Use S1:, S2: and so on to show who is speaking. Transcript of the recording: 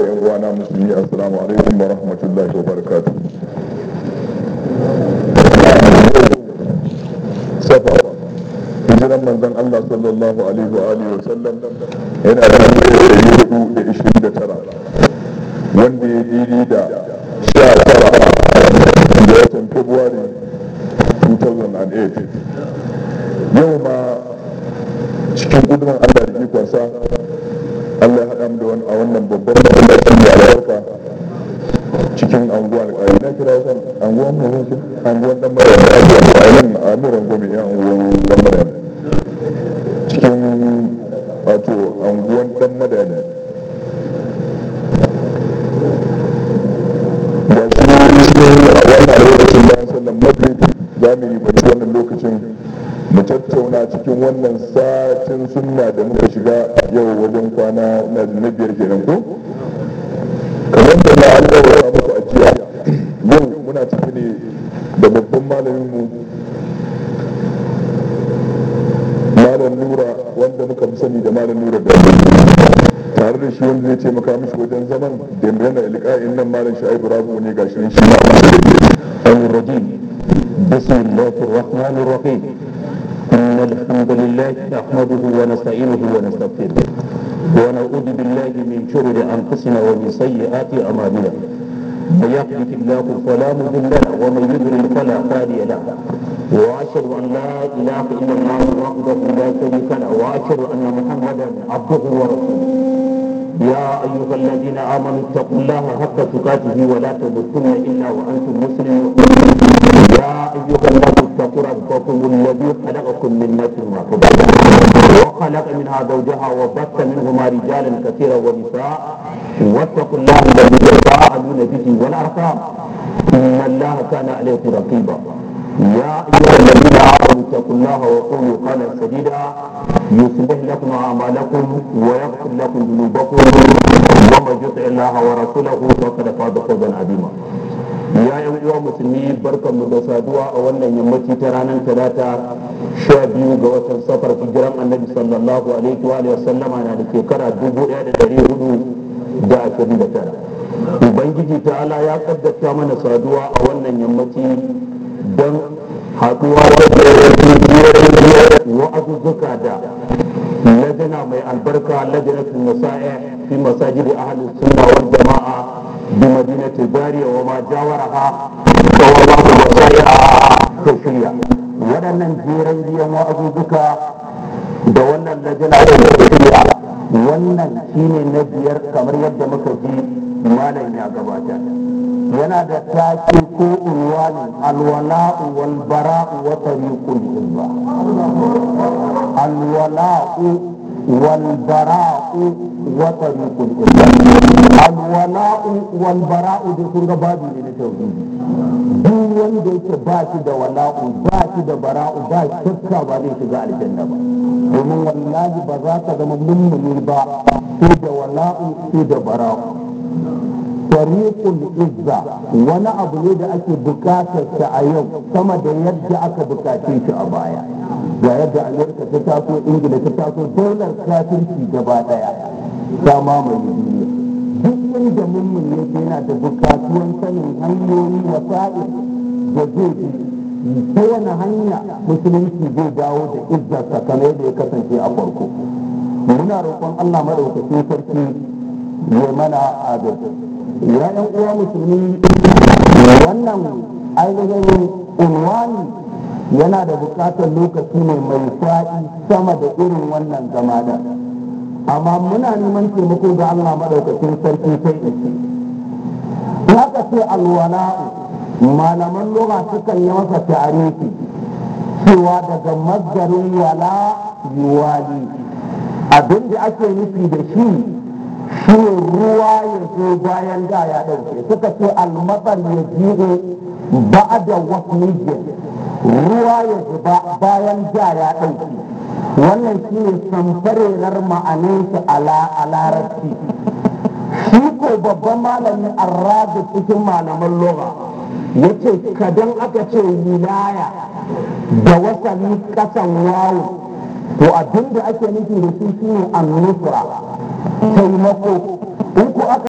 S1: haka yan uwana musulmi assalamu alaikum wa rahmatullahi wa barakatuh safawa hijiran manzon Allah sallallahu alaihi wa alihi wa sallam yana da hudu da ishirin da tara wanda ya diri da sha tara da watan February 2008 yau ma cikin gudun Allah da ikonsa Allah ya haɗa mu wani a wannan babban masallacin da albarka cikin anguwa alƙari na kira wasan anguwan mu sun anguwan dan mara da ake a nan a muran gome ya anguwan dan mara cikin wato anguwan dan madani ga shi ne a wannan lokacin bayan sallan magrib za mu yi bacci wannan lokacin mu tattauna cikin wannan satin sunna da muka shiga yau wajen kwana na biyar kenan ko kamar da na ya muku a jiya yau muna ciki ne da babban malamin mu malam nura wanda muka fi sani da malam nura da tare da shi wanda zai ce maka mishi wajen zaman da yana ilka'in nan malam aibu rabu ne gashi shi ma an rajim bismillahir rahmanir rahim إن الحمد
S2: لله نحمده ونستعينه ونستغفره ونعوذ بالله من شرور أنفسنا ومن سيئات أعمالنا من يهده الله فلا مضل له ومن يضلل فلا هادي له واشهد ان لا اله الا الله وحده لا شريك له واشهد ان محمدا عبده ورسوله يا ايها الذين امنوا اتقوا الله حق تقاته ولا تموتن الا وانتم مسلمون يا أيها الناس اتقوا ربكم الذي خلقكم من نفس واحدة وخلق منها زوجها وبث منهما رجالا كثيرا ونساء واتقوا الله الذي تساءلون به والارقام إن الله كان عليكم رقيبا يا أيها الذين آمنوا اتقوا الله وقولوا قولا سديدا يصلح لكم أعمالكم ويغفر لكم ذنوبكم ومن يطع الله ورسوله فقد فاز فوزا عظيما ya yan uwa musulmi barkan mu da saduwa a wannan yammaci ta ranar talata sha biyu ga watan safar hijiran annabi sallallahu alaihi wa alihi sallama na da shekara dubu ɗaya da ɗari hudu da ashirin da tara ubangiji ta Ala ya kaddata mana saduwa a wannan yammaci don haɗuwa wa'azuzzuka da lajana mai albarka lajanatul masa'i fi masajidi ahlus sunna wal jama'a بمدينة الجارية وما جاورها فهو الله وسائرها توفيا waɗannan jeren biyan wa'azuzuka da wannan lajina da wannan shine na biyar kamar yadda muka ji malam ya gabata yana da taki ko unwani alwala'u wal bara'u wa tariqul ilma alwala'u wal bara'u وطريق الولاء da kun ga babu ne na tauhidi duk wanda yake ba shi da wala'u ba shi da bara'u ba shakka ba zai shiga aljanna ba domin wallahi ba za ka zama mummuni ba sai da wala'u sai da bara'u tariqul izza wani abu ne da ake bukatar a yau sama da yadda aka bukace shi a baya ga yadda amurka ta taso ingila ta taso dolar kafirci gaba daya ta mamaye duniya duk da mummun yana da bukatuwan sanin hanyoyi wasa'i da zai bi ta wani hanya musulunci zai dawo da izzarsa kamar yadda ya kasance a farko muna roƙon allah maɗaukacin sarki ya mana adalci ya yan uwa musulmi wannan ainihin unwani yana da bukatar lokaci ne mai sa'i sama da irin wannan zama amma muna neman taimako ga Allah madaukakin sarki sai in haka ce alwala'u malaman lura sukan yi masa tarihi cewa daga mazgarin wala yuwali abin da ake nufi da shi shi ruwa ya zo bayan da ya ɗauke suka ce almatsar ya jiɗe ba da wasu ruwa ya zuba bayan da ya ɗauke wannan shi ne samfarerar ma'anansu a larabci shi ko babban malami arrazi cikin malaman loga ya ce kadan aka ce wilaya da wasani kasan wawo
S1: to abinda ake nufi da shi shine annusra taimako in ko aka